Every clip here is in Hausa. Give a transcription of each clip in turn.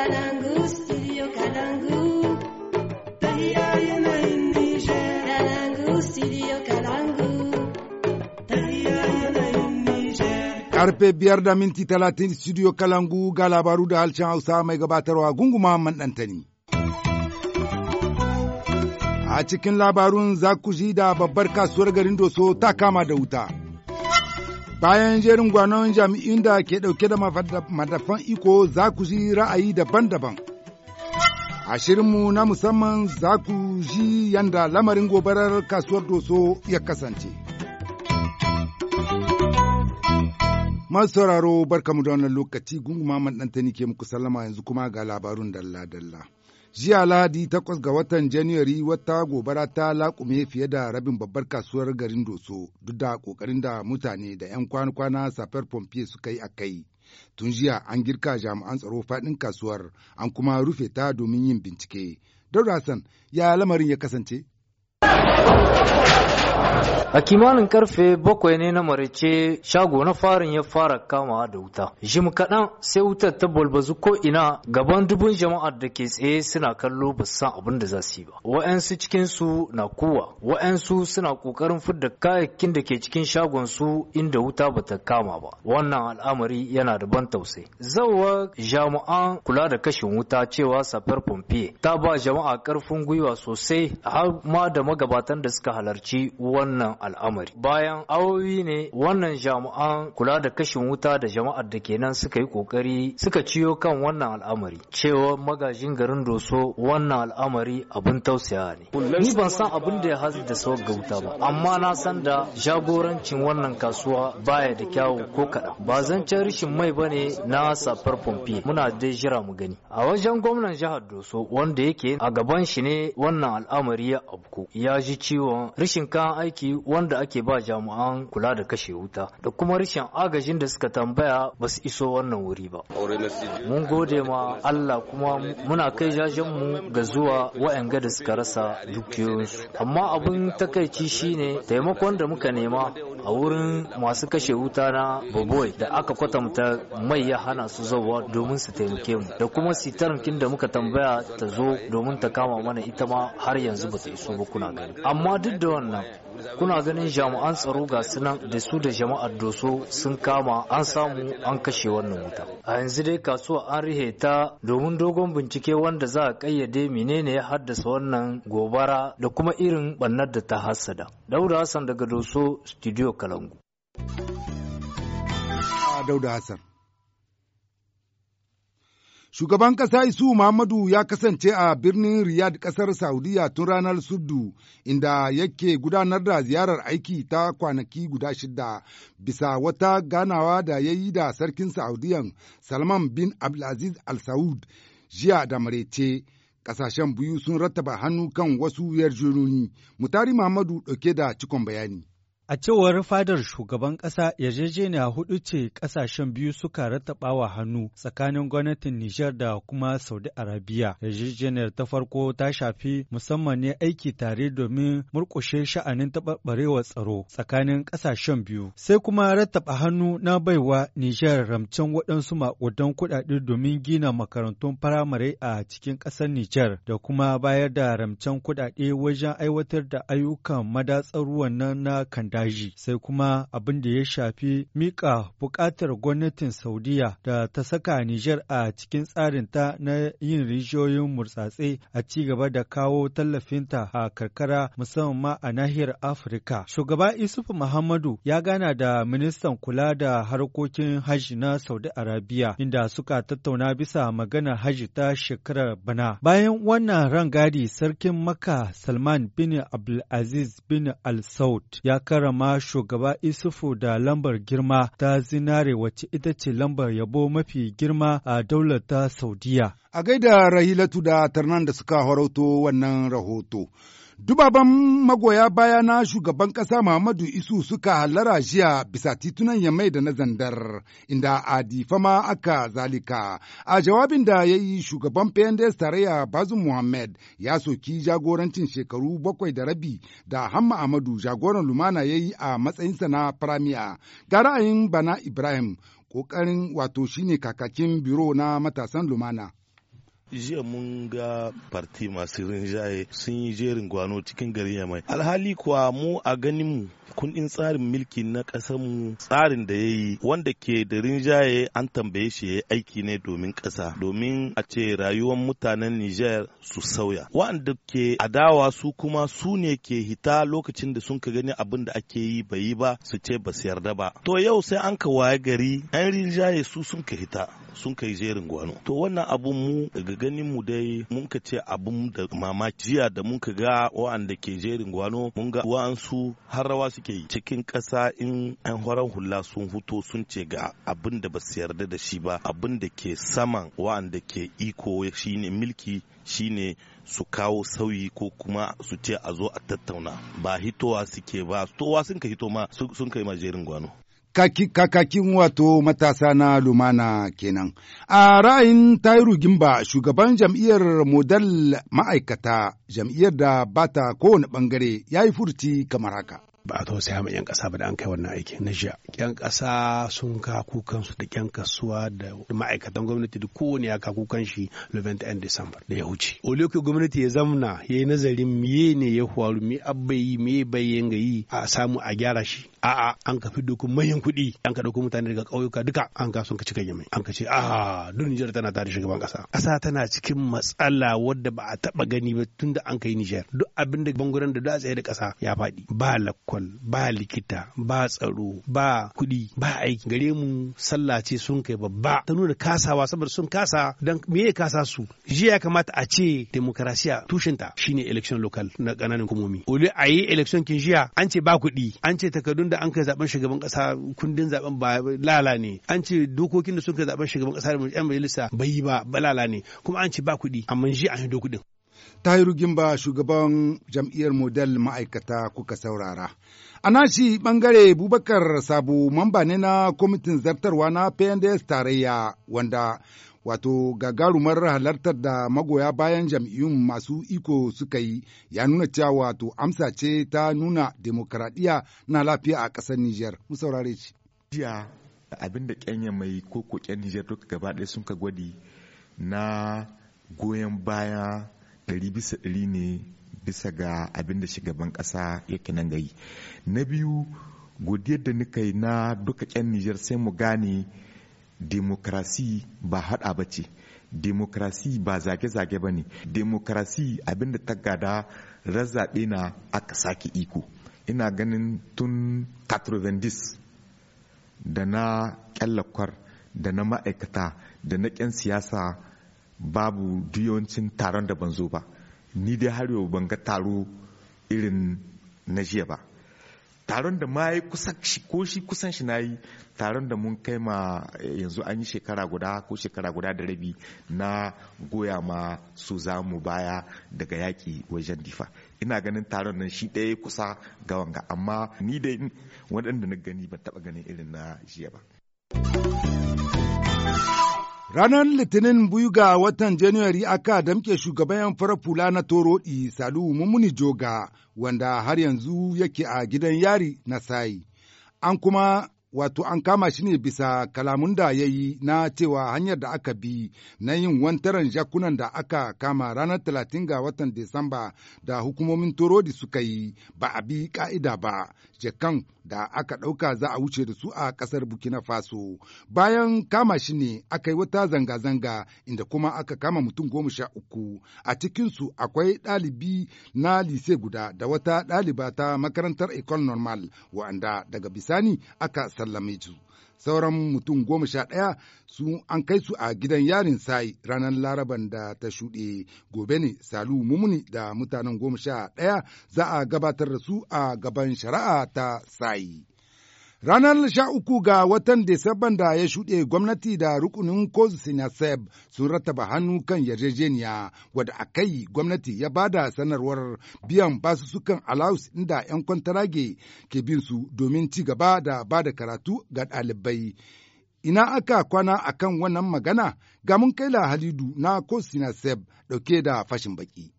Kalangu, studio biyar da minti talatin studio Kalangu ga labaru da halcin Hausa mai gabatarwa gunguma mandantani. A cikin labarun za ku ji da babbar kasuwar garin Doso ta kama da wuta. Bayan jerin gwanon jami'in da ke ɗauke da madafan iko za ku ji ra'ayi daban-daban. A shirinmu na musamman za ku ji yanda lamarin gobarar kasuwar doso ya kasance. Masu sauraro barkamu da wannan lokaci gunguma man ɗantani ke muku sallama yanzu kuma ga labarun dalla-dalla. Jiya Lahadi takwas ga watan Janairu wata gobara ta laƙume fiye da rabin babbar kasuwar garin Doso duk da ƙoƙarin da mutane da 'yan kwana-kwana safar pompier suka yi a kai. Tun jiya an girka jami'an tsaro faɗin kasuwar an kuma rufe ta domin yin bincike. Don Hassan ya lamarin ya kasance? A kimanin karfe bakwai ne na Maraice shago na farin ya fara kama da wuta. Jim kaɗan sai wutar ta balbazu ko ina gaban dubun jama'ar da ke tsaye suna kallo ba san abin da za su yi ba. Wa'ansu cikin su na kowa, wa'yansu suna ƙoƙarin fidda kayayyakin da ke cikin shagon su inda wuta ba ta kama ba. Wannan al'amari yana da ban tausayi. Zawa jami'an kula da kashin wuta cewa safar pompiye ta ba jama'a ƙarfin gwiwa sosai har ma da magabatan da suka halarci wannan wannan al'amari bayan awowi ne wannan jami'an kula da kashin wuta da jama'ar da kenan suka yi kokari suka ciyo kan wannan al'amari cewa magajin garin doso wannan al'amari abin tausaya ne ni ban san abin da ya hazi da ga gauta ba amma na san da jagorancin wannan kasuwa baya da kyawu ko kaɗan ba zan can rishin mai ba ne na safar pompi muna dai jira mu gani a wajen gwamnan jihar doso wanda yake a gaban shi ne wannan al'amari ya abku ya ji ciwon rishin kayan aiki mataki wanda ake ba jami'an kula da kashe wuta da kuma rashin agajin da suka tambaya ba su iso wannan wuri ba. Mun gode ma Allah kuma muna kai jajenmu ga zuwa wa'yanga da suka rasa dukiyoyinsu. Amma abin takaici shine taimakon da muka nema a wurin masu kashe wuta na Boboi da aka kwatanta mai ya hana su zauwa domin su taimake mu da kuma sitarankin da muka tambaya ta zo domin ta kama mana ita ma har yanzu ba ta iso ba kuna gani. Amma duk da wannan kuna ganin jami'an tsaro ga sunan da su da jama'ar doso sun kama an samu an kashe wannan wuta a yanzu dai kasuwa an rihe ta domin dogon bincike wanda za a kayyade menene ya haddasa wannan gobara da kuma irin bannar da ta hassada dauda hassan daga doso studio kalangu dauda hassan Shugaban ƙasa Isu Muhammadu ya kasance a birnin Riyadh ƙasar Saudiya tun ranar suddu inda yake gudanar da ziyarar aiki ta kwanaki guda shida bisa wata ganawa da ya yi da sarkin Saudiyan Salman bin Abdulaziz Al Saud jiya da marece. Ƙasashen biyu sun rattaba hannu kan wasu yarjejoni. Mutari Muhammadu ɗauke da cikon bayani. A cewar fadar shugaban ƙasa yarjejeniya hudu ce ƙasashen biyu suka rattabawa hannu tsakanin gwamnatin Nijar da kuma Saudi Arabiya. Yarjejeniyar ta farko ta shafi musamman ne aiki tare domin murƙushe sha'anin taɓarɓarewar tsaro tsakanin ƙasashen biyu. Sai kuma rattaba hannu na baiwa Nijar ramcen waɗansu maƙudan kuɗaɗe domin gina makarantun firamare a cikin ƙasar Nijar da kuma bayar da ramcen kuɗaɗe wajen aiwatar da ayyukan madatsar ruwan nan na kanda sai kuma abin da ya shafi mika buƙatar gwamnatin Saudiya da ta saka Nijar a cikin tsarinta na yin rijiyoyin murtsatse a ci gaba da kawo tallafinta a karkara musamman ma a nahiyar Afirka. Shugaba Isufu Muhammadu ya gana da ministan kula da harkokin hajji na Saudi Arabia inda suka tattauna bisa magana haji ta shekarar bana. Bayan wannan rangadi sarkin Makka Salman bin Abdulaziz bin Al Saud ya kara karrama shugaba Isufu da lambar girma ta zinare wacce ita ce lambar yabo mafi girma a daular ta Saudiya. A gaida Rahilatu da Tarnan da suka horoto wannan rahoto. Dubaban magoya baya na shugaban ƙasa Muhammadu Isu suka hallara jiya bisa titunan Yamai da na Zandar, inda a difama aka zalika. A jawabin da ya yi shugaban PNDS tarayya bazu Muhammad ya soki jagorancin shekaru bakwai da rabi da Hamma Ahmadu jagoran Lumana ya yi a matsayinsa na firamiya. Ga ra'ayin Bana Ibrahim, ƙoƙarin wato shine kakakin biro na matasan Lumana. jiya mun ga farti masu rinjaye sun yi jerin gwano cikin garin yamai alhali kuwa mu a ganinmu kundin tsarin mulki na mu tsarin da ya yi wanda ke da rinjaye an tambaye shi ya aiki ne domin ƙasa domin a ce rayuwar mutanen niger su sauya wanda ke adawa su kuma su ne ke hita lokacin da sun ka gani abin da ake yi bai yi ba su ce ba su yarda ba to yau sai an ka waye gari an rinjaye su sun ka hita sun kai jerin gwano to wannan abun mu ga ganin mu dai mun ka ce abun da mamaki da mun ka ga wa'anda ke jerin gwano mun ga wa'ansu har rawa suke yi cikin ƙasa in an horon hula sun huto sun ce ga abin da ba su yarda da shi ba abin da ke saman wa'anda ke iko shine milki shine su kawo sauyi ko kuma su ce a zo a tattauna ba hitowa suke ba towa sun ka hito ma sun kai ma jerin gwano kakakin wato matasa na lumana kenan. A ra'ayin Tairu Gimba shugaban jam'iyyar modal ma'aikata jam'iyyar da bata kowane bangare ya yi furci kamar haka. ba a tausaya ma 'yan kasa ba da an kai wannan aiki na jiya. 'yan kasa sun ka kukansu da 'yan kasuwa da ma'aikatan gwamnati da kowane ya ka kukan shi and December da ya wuce. Oleko gwamnati ya zamna ya yi nazarin miye ne ya faru me abai me bai yi a samu a gyara shi a'a an ka fi dokun manyan kuɗi an ka ɗauko mutane daga ƙauyuka duka an ka son ka cika yamai an ka ce a duk Nijar tana tare shugaban ƙasa ƙasa tana cikin matsala wadda ba a taɓa gani ba tun da an kai Nijar duk abin da bangaren da a tsaye da ƙasa ya faɗi ba lakwal ba likita ba tsaro ba kuɗi ba aiki gare mu sallah ce sun kai babba ta nuna kasawa saboda sun kasa dan me ya kasa su jiya ya kamata a ce demokarasiya tushinta shine election local na ƙananan hukumomi ole a yi election kin jiya an ce ba kuɗi an ce takardun da an kai zaben shugaban kasa kundin zaben ba lala ne an ce dokokin da sun kai zaben shugaban kasa da yan majalisa bai yi ba lala ne kuma an ce ba kuɗi amma shi an yi dokudin Tahiru Gimba shugaban jam'iyyar model ma'aikata kuka saurara. A shi ɓangare Bubakar Sabo mamba ne na kwamitin zartarwa na PNDS tarayya wanda wato gagarumar halartar da magoya bayan jam'iyyun masu iko suka yi ya nuna cewa wato amsa ce ta nuna demokradiyya na lafiya a ƙasar Nijar. musaurare saurare Jiya abin da Kenya mai koko Kenya Nijar duka gaba ɗaya sun ka gwadi na goyon baya ɗari bisa ɗari ne bisa ga abin da shugaban ƙasa yake nan gayi. Na biyu godiyar da nika yi na duka Kenya Nijar sai mu gane demokrasi ba hada ba ce demokrasi ba zage-zage ba ne demokrasi abinda ta gada razzaɓe na aka sake iko ina ganin tun 90 da na kyallakwar da na ma'aikata da na ƙyan siyasa babu duyawancin taron da ban zo ba ni dai har yau ban ga taro irin na jiya ba taron da ma ya kusa shi ko shi kusan shi na yi taron da mun kai ma eh, yanzu an yi shekara guda ko shekara guda da rabi na goya ma su za mu baya daga yaƙi wajen difa ina ganin taron nan shi ɗaya kusa ga wanga amma ni dai waɗanda na gani ban taɓa ganin irin na jiya ba Ranar Litinin biyu ga watan Januwari aka damke shugaban 'yan fara fula na Torodi Salu Mumuni Joga wanda har yanzu yake a gidan yari na sai. An kuma wato an kama shi ne bisa kalamun da ya yi na cewa hanyar da aka bi na yin wantaran jakunan da aka kama ranar talatin ga watan Disamba da hukumomin Torodi suka yi ba a bi ka'ida ba jakan da aka ɗauka za a wuce da su a ƙasar Burkina Faso. Bayan kama shi ne aka yi wata zanga-zanga inda kuma aka kama mutum goma sha uku. A cikinsu akwai ɗalibi na lise guda da wata ɗaliba ta makarantar Ecole Normal wa'anda daga bisani aka sallame su. sauran mutum goma sha ɗaya su an kai su a gidan yarin sai ranar laraban da ta shuɗe gobe ne salu mumuni da mutanen goma sha ɗaya za a gabatar da su a gaban shari'a ta sai. Ranar sha uku ga watan Disamban da ya shuɗe gwamnati da rukunin Kozu Sinaseb sun rattaba hannu kan yarjejeniya wadda a kai gwamnati ya bada sanarwar biyan basussukan alawus inda 'yan kwantarage ke bin su domin ci gaba da ba da karatu ga ɗalibai. Ina aka kwana akan wannan magana ga mun kai la Halidu na Kozu Sinaseb ɗauke da fashin baki.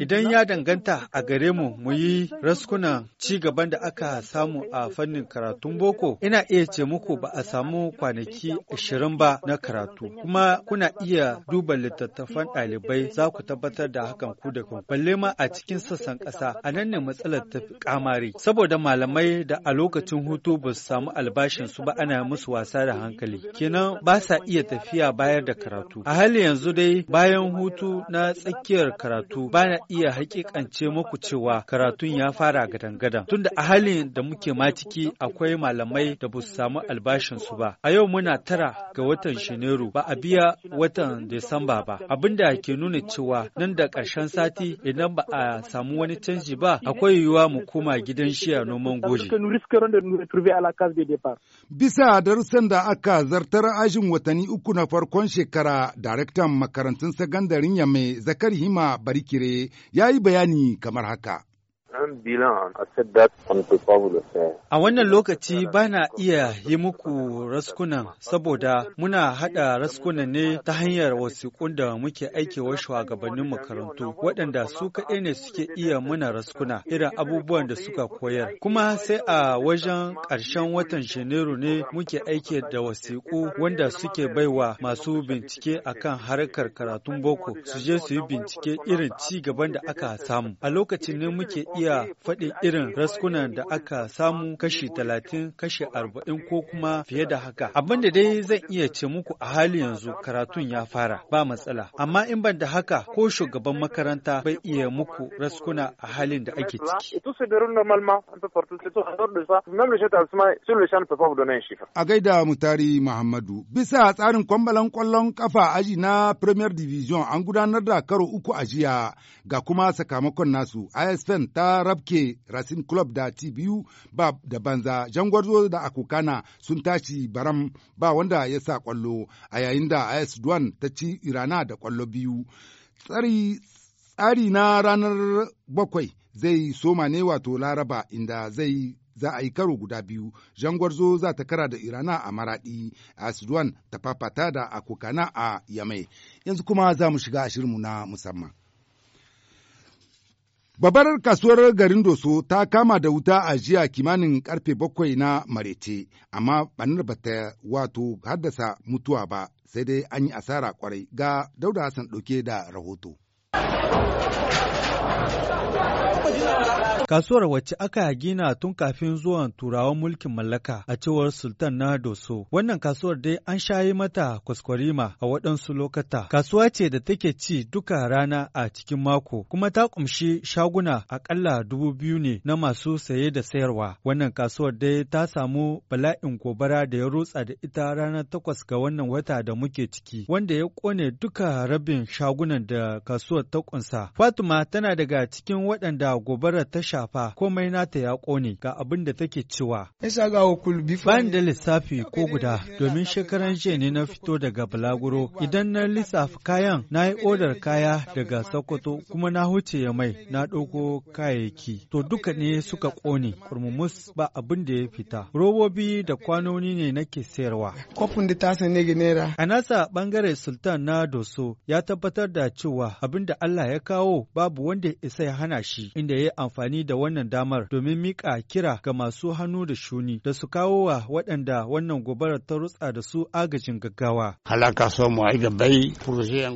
Idan ya danganta a gare mu mu yi raskunan ci gaban da aka samu a fannin karatun boko, ina iya ce muku ba a samu kwanaki ashirin ba na karatu, kuma kuna iya duba littattafan ɗalibai za ku tabbatar da hakan ku da ku. Balle ma a cikin sassan ƙasa, a nan ne matsalar ta fi kamari, saboda malamai da a lokacin hutu ba su samu albashin su ba ana musu wasa da hankali, kenan ba sa iya tafiya bayar da karatu. A hali yanzu dai bayan hutu na tsakiyar karatu ba na iya hakikance muku cewa karatun ya fara gadan-gadan. Tunda a halin da muke ma ciki akwai malamai da ba su samu albashinsu ba. A yau muna tara ga watan shineru ba a biya watan Disamba ba. Abin da ke nuna cewa nan da karshen sati idan ba a samu wani canji ba akwai yiwuwa mu koma gidan shiya noman goji. Bisa darussan da aka zartar ajin watanni uku na farkon shekara, daraktan makarantun sakandaren mai zaka Zakar Hima Barkire ya yi bayani kamar haka. A wannan lokaci ba na iya yi muku raskunan saboda muna haɗa raskunan ne ta hanyar wasiƙun da muke aikewa shugabannin makarantu waɗanda su kaɗai ne suke iya muna raskuna irin abubuwan da suka koyar. Kuma sai a wajen ƙarshen watan Janairu ne muke aiki da wasiƙu wanda suke baiwa masu bincike akan harkar karatun boko su je su yi bincike irin ci gaban da aka samu. A lokacin ne muke iya iya faɗi irin raskunan da aka samu kashi talatin kashi arba'in ko kuma fiye da haka abin da dai zan iya ce muku a hali yanzu karatun ya fara ba matsala amma in ban da haka ko shugaban makaranta bai iya muku raskuna a halin da ake ciki a gaida mutari muhammadu bisa tsarin kwambalan kwallon kafa aji na premier division an gudanar da karo uku a jiya ga kuma sakamakon nasu isfn ta ta rabke Racing Club da ci biyu ba da banza. Jangwarzo da Akokana sun tashi baram ba wanda ya sa kwallo a yayin da AS Duan ta ci Irana da kwallo biyu. Tsari na ranar bakwai zai soma ne wato Laraba inda zai za a yi karo guda biyu jangwarzo za ta kara da irana a maradi a ta fafata da akokana a yamai yanzu kuma za mu shiga ashirinmu na musamman Babbar kasuwar garin Doso ta kama da wuta a jiya kimanin karfe bakwai na marece, amma banar ba ta wato haddasa mutuwa ba, sai dai an yi asara kwarai ga Dauda Hassan ɗauke da rahoto. Kasuwar wacce aka gina tun kafin zuwan turawan mulkin mallaka a cewar Sultan na Doso. Wannan kasuwar dai an shayi mata kwaskwarima a waɗansu lokata. Kasuwa ce da take ci duka rana a cikin mako, kuma ta ƙumshi shaguna aƙalla dubu biyu ne na masu saye da sayarwa. Wannan kasuwar dai ta samu bala'in gobara da ya rutsa da ita ranar takwas ga wannan wata da muke ciki, wanda ya ƙone duka rabin shagunan da kasuwar ta ƙunsa. Fatima tana daga cikin waɗanda da ta shafa komai nata ya ƙone ga abin da take cewa. Bayan da lissafi ko guda domin shekaran jiya ne na fito daga Balaguro idan na lissafi kayan na yi odar kaya daga Sokoto kuma na huce ya mai na ɗauko kayayyaki. To duka ne suka ƙone kurmumus ba abin da ya fita. Robobi da kwanoni ne nake sayarwa. Kofin da san ne naira. A nasa ɓangare Sultan na Doso ya tabbatar da cewa abin da Allah ya kawo babu wanda isa ya hana shi. da ya yi amfani da wannan damar domin mika kira ga masu hannu da shuni da su kawo wa waɗanda wannan gobarar ta rutsa da su agajin gaggawa.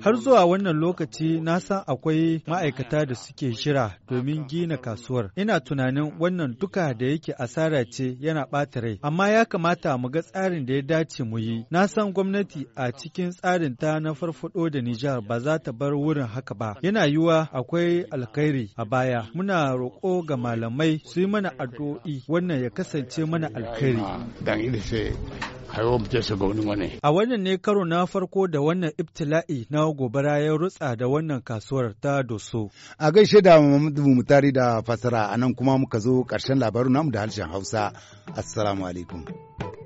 Har zuwa wannan lokaci na san akwai ma'aikata da suke jira domin gina kasuwar. Ina tunanin wannan duka da yake asara ce yana ɓata rai, amma ya kamata mu ga tsarin da ya dace mu yi. Na san gwamnati a cikin tsarin ta na farfaɗo da Nijar ba za ta bar wurin haka ba. Yana yiwuwa akwai alkhairi a baya. muna roƙo ga malamai su yi mana addu'o'i wannan ya kasance mana alkhairi. A wannan ne karo na farko da wannan ibtila'i na gobara ya rutsa da wannan kasuwar ta doso. A gaishe da mu Mutari da fasara a nan kuma muka zo ƙarshen labarin namu da harshen Hausa. Assalamu alaikum.